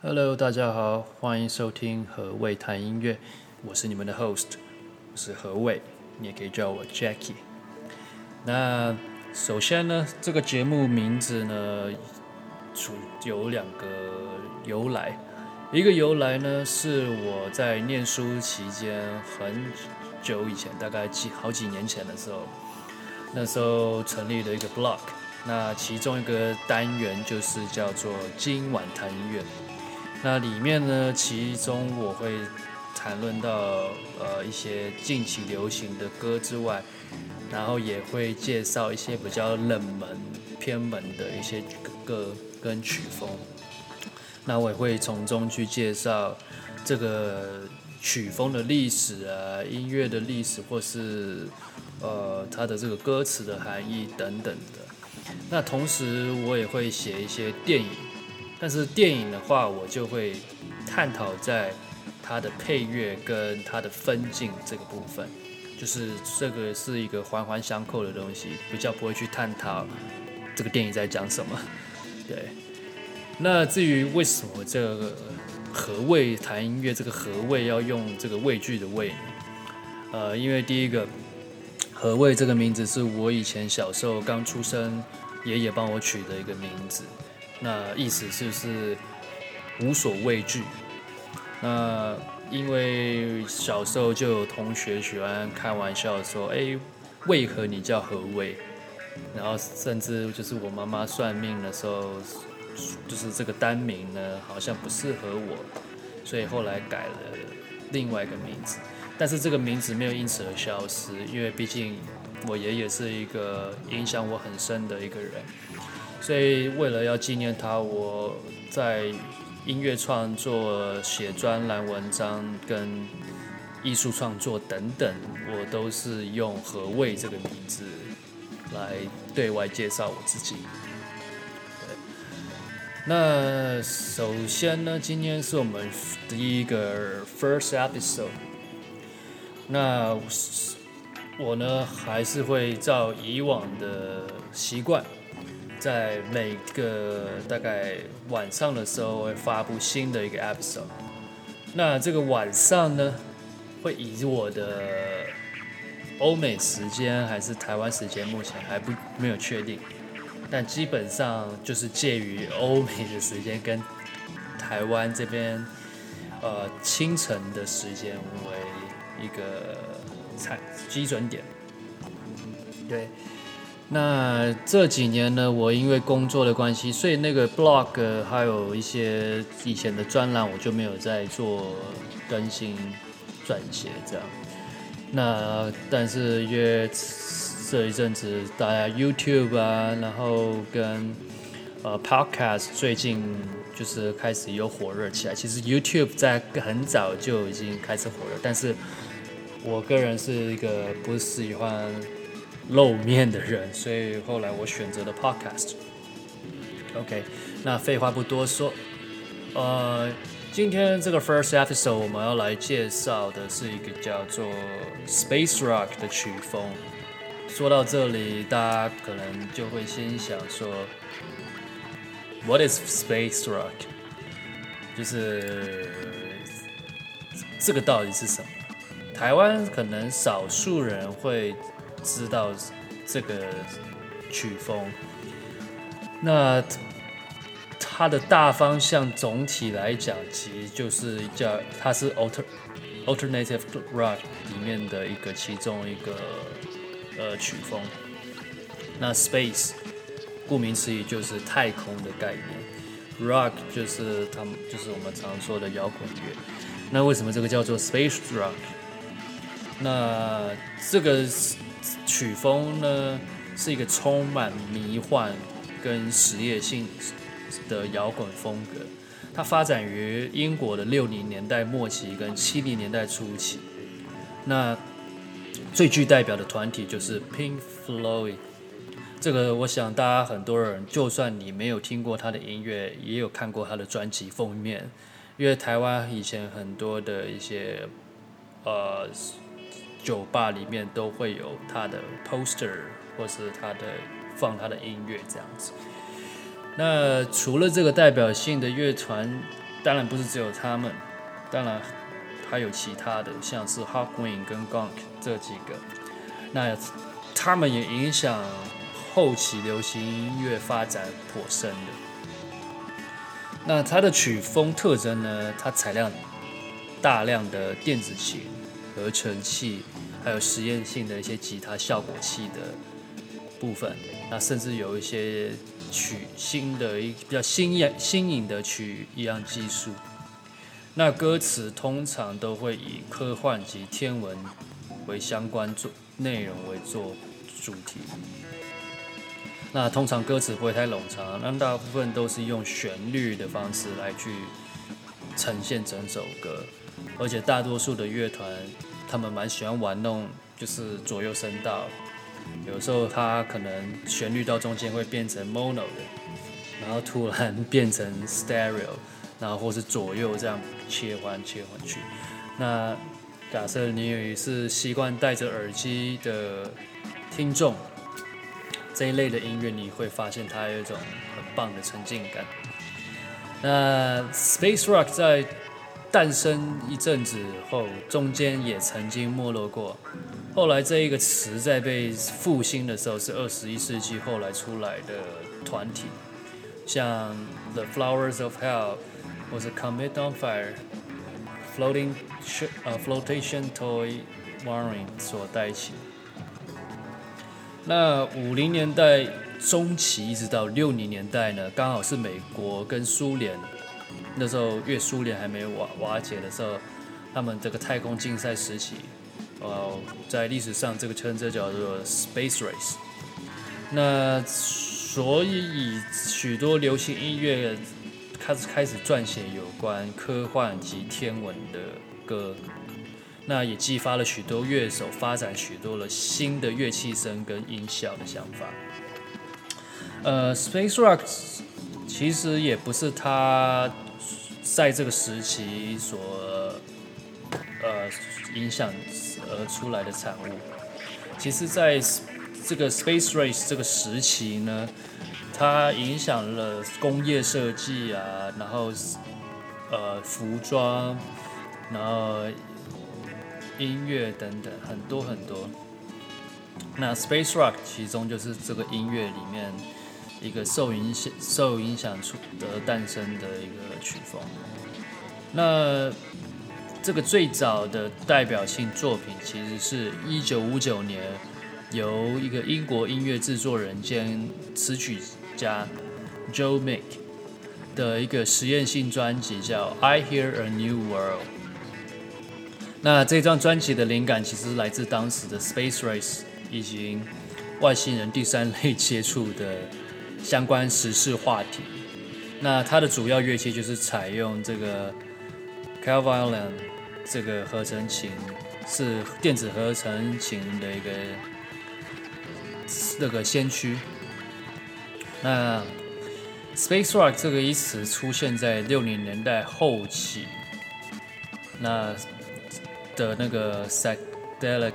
Hello，大家好，歡迎收聽何謂談音樂，我是你們的 host，我是何謂，你也可以叫我 Jackie。那首先呢，這個節目名字呢，有有兩個由來，一個由來呢是我在念書期間很久以前，大概幾好幾年前的時候，那時候成立的一個 blog，那其中一個單元就是叫做今晚談音樂。那裡面呢，其中我會談論到呃一些近期流行的歌之外，然後也會介紹一些比較冷門偏門的一些歌跟曲風。那我也會從中去介紹這個曲風的歷史啊，音樂的歷史，或是呃它的這個歌詞的含義等等的。那同時我也會寫一些電影。但是電影的話，我就會探討在它的配樂跟它的分鏡這個部分，就是這個是一個環環相扣的東西，比較不會去探討這個電影在講什麼。對，那至於為什麼這個何謂談音樂，這個何謂要用這個畏懼的畏？呃，因為第一個何謂這個名字是我以前小時候剛出生，爺爺幫我取的一個名字。那意思就是無所畏懼。那因為小時候就有同學喜歡開玩笑說：“哎，為何你叫何為？”然後甚至就是我媽媽算命的時候，就是這個單名呢，好像不適合我，所以後來改了另外一個名字。但是這個名字沒有因此而消失，因為畢竟我爺爺是一個影響我很深的一個人。所以為了要紀念他，我在音樂創作、寫專欄文章、跟藝術創作等等，我都是用何謂這個名字來對外介紹我自己。那首先呢，今天是我們第一個 first episode。那我呢，還是會照以往的習慣。在每個大概晚上的時候會發佈新的一個 episode，那這個晚上呢，會以我的歐美時間還是台灣時間，目前還不沒有確定，但基本上就是介於歐美的時間跟台灣這邊呃清晨的時間為一個參基準點，對。那這幾年呢，我因為工作的關係，所以那個 blog 還有一些以前的專欄，我就沒有再做更新、撰寫這樣。那但是約這一陣子，大家 YouTube 啊，然後跟呃 podcast 最近就是開始有火熱起來。其實 YouTube 在很早就已經開始火熱，但是我個人是一個不喜歡。露面的人，所以後來我選擇了 Podcast。OK，那廢話不多說，呃，今天這個 first episode 我們要來介紹的是一個叫做 Space Rock 的曲風。說到這裡，大家可能就會先想說，What is Space Rock？就是這個到底是什麼？台灣可能少數人會。知道這個曲風，那它的大方向總體來講，其實就是叫它是 alter alternative rock 裡面的一個其中一個呃曲風。那 space 顧名思義就是太空的概念，rock 就是他們就是我們常說的搖滾樂。那為什麼這個叫做 space rock？那這個。曲風呢，是一個充滿迷幻跟實驗性的搖滾風格，它發展於英國的六零年代末期跟七零年代初期。那最具代表的團體就是 Pink Floyd，這個我想大家很多人，就算你沒有聽過他的音樂，也有看過他的專輯封面，因為台灣以前很多的一些呃。酒吧裡面都會有他的 poster，或是他的放他的音樂這樣子。那除了這個代表性的樂團，當然不是只有他們，當然還有其他的，像是 Hawkwind 跟 Gong 這幾個。那他們也影響後期流行音樂發展頗深的。那它的曲風特徵呢？它採量大量的電子琴。合成器，還有實驗性的一些吉他效果器的部分，那甚至有一些曲新的，一比較新穎、新穎的曲一樣技術。那歌詞通常都會以科幻及天文為相關作內容為做主題。那通常歌詞不會太冗長，那大部分都是用旋律的方式來去呈現整首歌，而且大多數的樂團。他們蠻喜歡玩弄，就是左右聲道。有時候它可能旋律到中間會變成 mono 的，然後突然變成 stereo，然後或是左右這樣切換切換去。那假設你是習慣戴着耳機的聽眾，這一類的音樂你會發現它有一種很棒的沉浸感。那 Space Rock 在。誕生一陣子後，中間也曾經沒落過。後來這一個詞在被復興的時候，是二十一世紀後來出來的團體，像 The Flowers of Hell，或是 Comets on Fire、Floating A、uh, Flotation Toy Warning 所帶起。那五零年代中期一直到六零年代呢，剛好是美國跟蘇聯。那時候，越蘇聯還沒瓦瓦解的時候，他們這個太空競賽時期，呃，在歷史上這個稱這叫做 Space Race。那所以許多流行音樂開始開始撰寫有關科幻及天文的歌，那也激發了許多樂手發展許多了新的樂器聲跟音效的想法。呃，Space Rocks 其實也不是它，在這個時期所，呃，影響而出來的產物。其實，在這個 Space Race 這個時期呢，它影響了工業設計啊，然後，呃，服裝，然後音樂等等，很多很多。那 Space Rock 其中就是這個音樂裡面一個受影響、受影響的誕生的一個曲風。那這個最早的代表性作品，其實是一九五九年由一個英國音樂製作人兼詞曲家 Joe Meek 的一個實驗性專輯，叫《I Hear a New World》。那這張專輯的靈感，其實來自當時的 Space Race 以及外星人第三類接觸的。相關時事話題。那它的主要樂器就是採用這個 Clavioline 這個合成琴，是電子合成琴的一個那、這個先驅。那 Space Rock 這個一詞出現在六零年代後期。那的那個 psychedelic。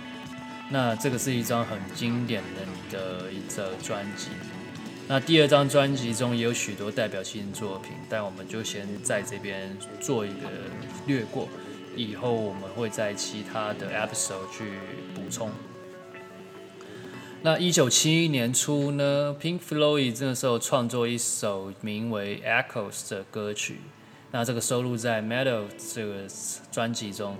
那這個是一張很經典的的一張專輯。那第二張專輯中也有許多代表性作品，但我們就先在這邊做一個略過。以後我們會在其他的 episode 去補充。那一九七一年初呢，Pink Floyd 這個時候創作一首名為《Echoes》的歌曲，那這個收錄在《Meddle》這個專輯中。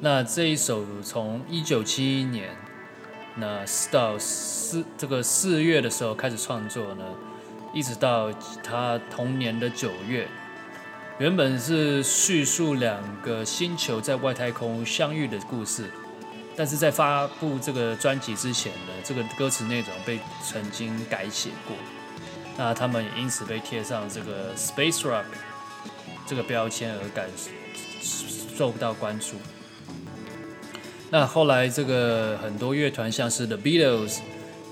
那這一首從一九七一年，那到四這個四月的時候開始創作呢，一直到他同年的九月，原本是敘述兩個星球在外太空相遇的故事，但是在發布這個專輯之前呢，這個歌詞內容被曾經改寫過，那他們也因此被貼上這個 Space Rock 這個標籤而感受不到關注。那後來，這個很多樂團，像是 The Beatles、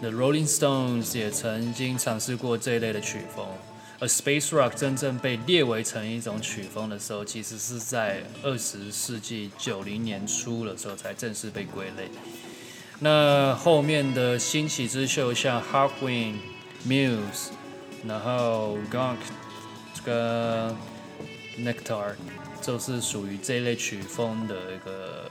The Rolling Stones 也曾經嘗試過這一類的曲風。而 Space Rock 真正被列為成一種曲風的時候，其實是在二十世紀九零年初的時候才正式被歸類。那後面的新起之秀，像 Hawkwind Muse，然後 Gong 這個 Nectar，就是屬於這一類曲風的一個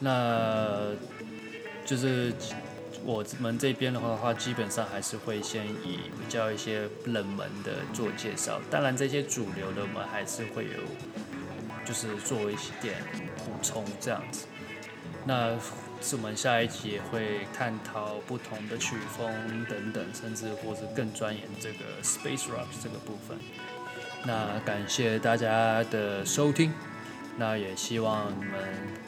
那就是我們這邊的話，話基本上還是會先以比較一些冷門的做介紹，當然這些主流的我們還是會有，就是做一些點補充這樣子。那是我們下一集也會探討不同的曲風等等，甚至或是更鑽研這個 Space Rock 這個部分。那感謝大家的收聽，那也希望你們。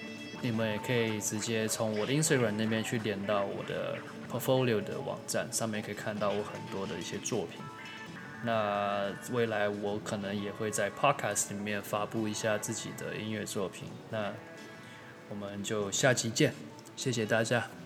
你們也可以直接從我的 Instagram 那邊去點到我的 Portfolio 的網站，上面可以看到我很多的一些作品。那未來我可能也會在 Podcast 裡面發佈一下自己的音樂作品。那我們就下期見，謝謝大家。